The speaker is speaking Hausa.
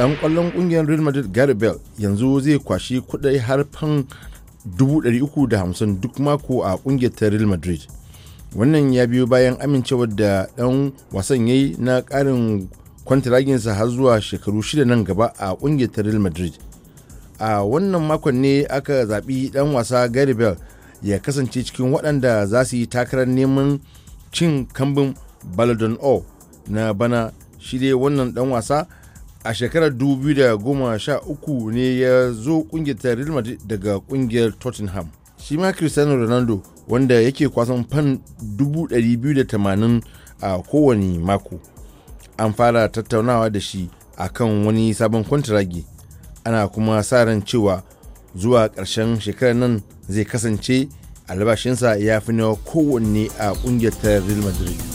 dan kwallon kungiyar real madrid gary yanzu zai kwashi kudai har fan 350 duk mako a kungiyar ta real madrid wannan ya biyo bayan amincewar da dan wasan yayi na karin kwantaraginsa har zuwa shekaru shida nan gaba a kungiyar ta real madrid a wannan makon ne aka zaɓi dan wasa gary ya kasance cikin waɗanda za su yi takarar neman cin kambin baladon o na bana shi dai wannan dan wasa a shekarar 2013 ne ya zo kungiyar ta Real Madrid daga kungiyar Tottenham. Shi ma Cristiano Ronaldo wanda yake kwasan fan 280 a kowane mako. An fara tattaunawa da shi a kan wani sabon kwantaragi. Ana kuma sa ran cewa zuwa ƙarshen shekarar nan zai kasance albashinsa ya fi na kowanne a kungiyar ta Real Madrid.